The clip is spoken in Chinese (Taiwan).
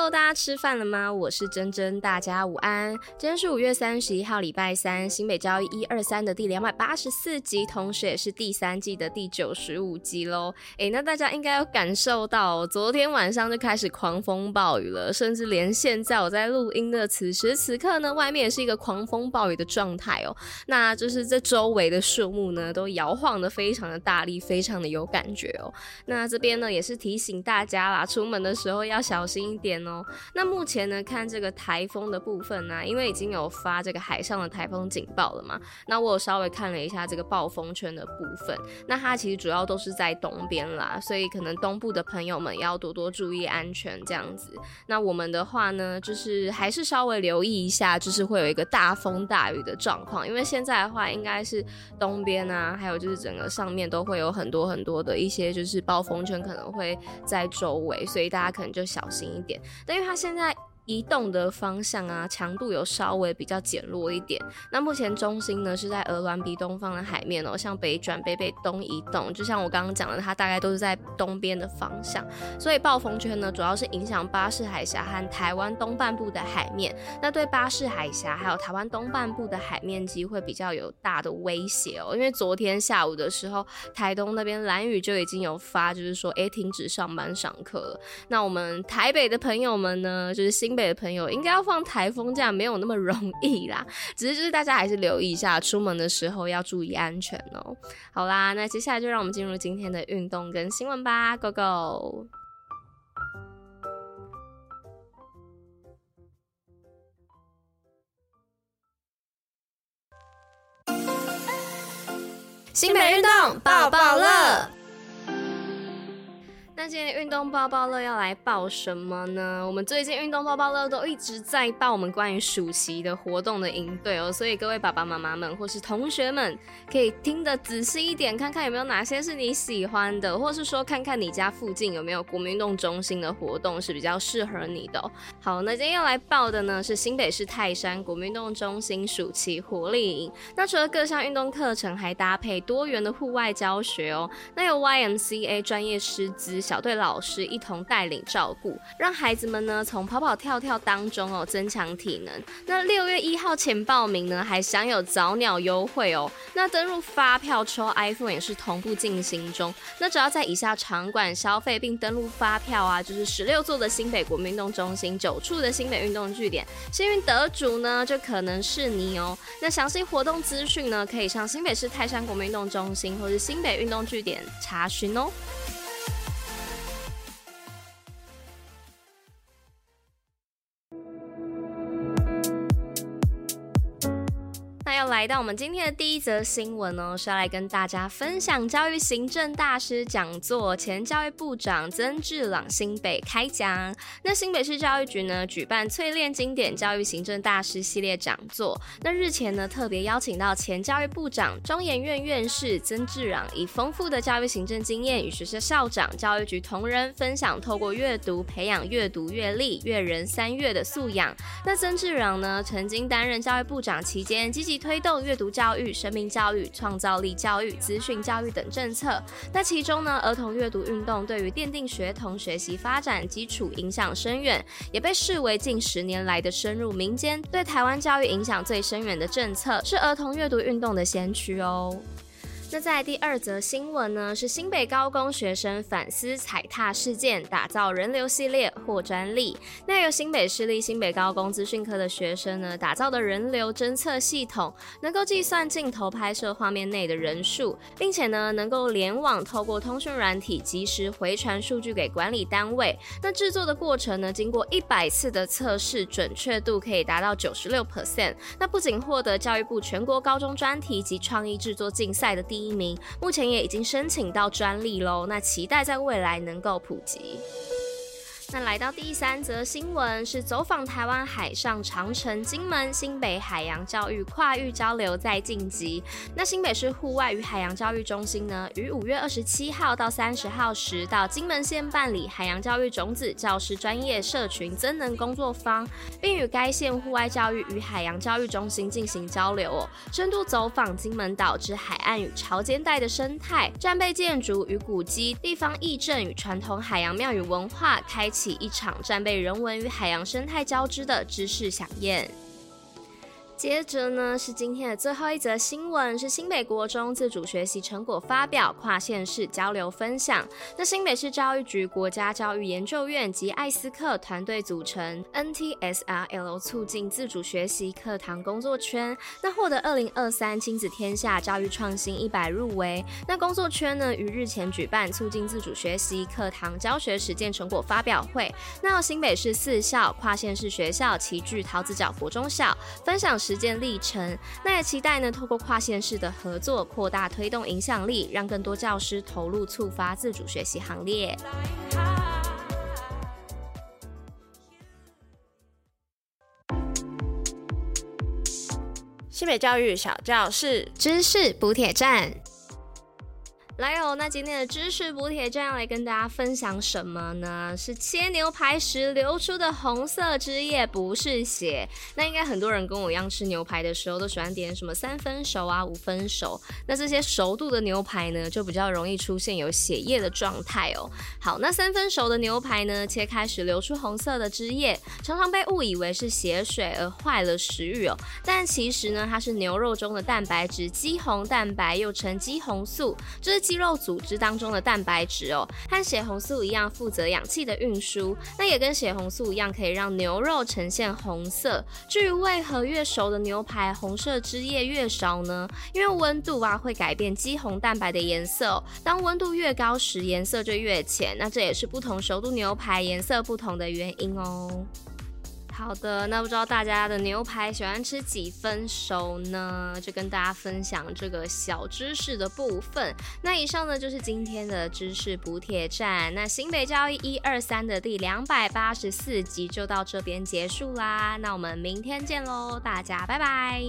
hello 大家吃飯了嗎？我是珍珍，大家午安。今天是五月三十一號，禮拜三，新北教育一二三的第兩百八十四集，同時也是第三季的第九十五集嘍。哎、欸，那大家應該有感受到，昨天晚上就開始狂風暴雨了，甚至連現在我在錄音的此時此刻呢，外面也是一個狂風暴雨的狀態哦。那就是這周圍的樹木呢，都搖晃得非常的大力，非常的有感覺哦、喔。那這邊呢，也是提醒大家啦，出門的時候要小心一點哦、喔。那目前呢，看這個台風的部分呢、啊，因為已經有發這個海上的台風警報了嘛。那我有稍微看了一下這個暴風圈的部分，那它其實主要都是在東邊啦，所以可能東部的朋友們要多多注意安全這樣子。那我們的話呢，就是還是稍微留意一下，就是會有一個大風大雨的狀況，因為現在的話應該是東邊啊，還有就是整個上面都會有很多很多的一些就是暴風圈可能會在周圍，所以大家可能就小心一點。因為他現在，移動的方向啊，強度有稍微比較減弱一點。那目前中心呢是在鵝鑾鼻東方的海面哦、喔，向北轉北北東移動。就像我剛剛講的，它大概都是在東邊的方向，所以暴風圈呢主要是影響巴士海峽和台灣東半部的海面。那對巴士海峽還有台灣東半部的海面機會比較有大的威脅哦、喔，因為昨天下午的時候，台東那邊藍雨就已經有發，就是說誒、欸，停止上班上課了。那我們台北的朋友們呢，就是新北朋友應該要放颱風假，沒有那麼容易啦。只是就是大家還是留意一下，出門的時候要注意安全哦、喔。好啦，那接下來就讓我們進入今天的運動跟新聞吧，Go Go！新北運動報報樂。報報樂今天運動報報樂要來報什麼呢？我們最近運動報報樂都一直在報我們關於暑期的活動的營隊哦，所以各位爸爸媽媽們或是同學們可以聽得仔細一點，看看有沒有哪些是你喜歡的，或是說看看你家附近有沒有國民運動中心的活動是比較適合你的喔。好，那今天要來報的呢，是新北市泰山國民運動中心暑期活力營。那除了各項運動課程，還搭配多元的戶外教學哦。那有 YMCA 專業師資小。對老師一同帶領照顧，讓孩子們呢從跑跑跳跳當中哦增強體能。那六月一號前報名呢還享有早鳥優惠哦。那登入發票抽 iPhone 也是同步進行中。那只要在以下場館消費並登入發票啊，就是十六座的新北國民運動中心、九處的新北運動據點，幸運得主呢就可能是你哦。那詳細活動資訊呢，可以上新北市泰山國民運動中心或是新北運動據點查詢哦。來到我們今天的第一則新聞呢、哦，是要來跟大家分享教育行政大師講座，前教育部長曾志朗新北開講。那新北市教育局呢舉辦“淬鍊經典”教育行政大師系列講座。那日前呢特別邀請到前教育部長、中研院院士曾志朗，以豐富的教育行政經驗與學校校長、教育局同仁分享，透過閱讀培養閱讀、閱歷、閱人三閱的素養。那曾志朗呢曾經擔任教育部長期間，積極推推動閱讀教育、生命教育、創造力教育、資訊教育等政策。那其中呢，兒童閱讀運動對於奠定學童學習發展基礎影響深遠，也被視為近十年來的深入民間，對台灣教育影響最深遠的政策，是兒童閱讀運動的先驅哦。那在第二則新聞呢，是新北高工學生反思踩踏事件，打造人流系統獲專利。那由新北市立新北高工資訊科的學生呢，打造的人流偵測系統，能夠計算鏡頭拍攝畫面內的人數，並且呢，能夠聯網，透過通訊軟體即時回傳數據給管理單位。那製作的過程呢，經過一百次的測試，準確度可以達到九十六 percent。那不僅獲得教育部全國高中專題及創意製作競賽的第一。一名目前也已經申請到專利嘍，那期待在未來能夠普及。那來到第三則新聞是走訪台灣海上長城金門新北海洋教育跨域交流在晉級。那新北市戶外與海洋教育中心呢，於五月二十七號到三十號時到金門縣辦理海洋教育種子教師專業社群增能工作坊，並與該縣戶外教育與海洋教育中心進行交流哦。深度走訪金門島之海岸與潮間帶的生態、戰備建築與古蹟、地方藝陣與傳統海洋廟宇文化，開。起一場戰備人文與海洋生態交織的知識饗宴。接着呢，是今天的最後一則新聞，是新北國中自主學習成果發表，跨縣市交流分享。那新北市教育局、國家教育研究院及艾斯克團隊組成 NTSRL 促進自主學習課堂工作圈，那獲得二零二三親子天下教育創新一百入圍。那工作圈呢，於日前舉辦促進自主學習課堂教學實踐成果發表會，那新北市四校跨縣市學校齊聚桃子腳國中小，分享。實踐歷程，那也期待呢，透過跨縣市的合作，擴大推動影響力，讓更多教師投入觸發自主學習行列。新北教育小教室，知識補帖站。來哦，那今天的知識補帖站將要來跟大家分享什麼呢？是切牛排時流出的紅色汁液，不是血。那應該很多人跟我一樣，吃牛排的時候都喜歡點什麼三分熟啊、五分熟。那這些熟度的牛排呢，就比較容易出現有血液的狀態哦。好，那三分熟的牛排呢，切開時流出紅色的汁液，常常被誤以為是血水而壞了食慾哦。但其實呢，它是牛肉中的蛋白質肌紅蛋白，又稱肌紅素，這、就是。肌肉組織當中的蛋白質哦，和血紅素一樣負責氧氣的運輸，那也跟血紅素一樣可以讓牛肉呈現紅色。至於為何越熟的牛排紅色汁液越少呢？因為溫度啊會改變肌紅蛋白的顏色哦，當溫度越高時，顏色就越淺。那這也是不同熟度牛排顏色不同的原因哦。好的，那不知道大家的牛排喜歡吃幾分熟呢？就跟大家分享這個小知識的部分。那以上呢就是今天的知識補帖站。那新北教育一二三的第兩百八十四集就到這邊結束啦。那我們明天見嘍，大家拜拜。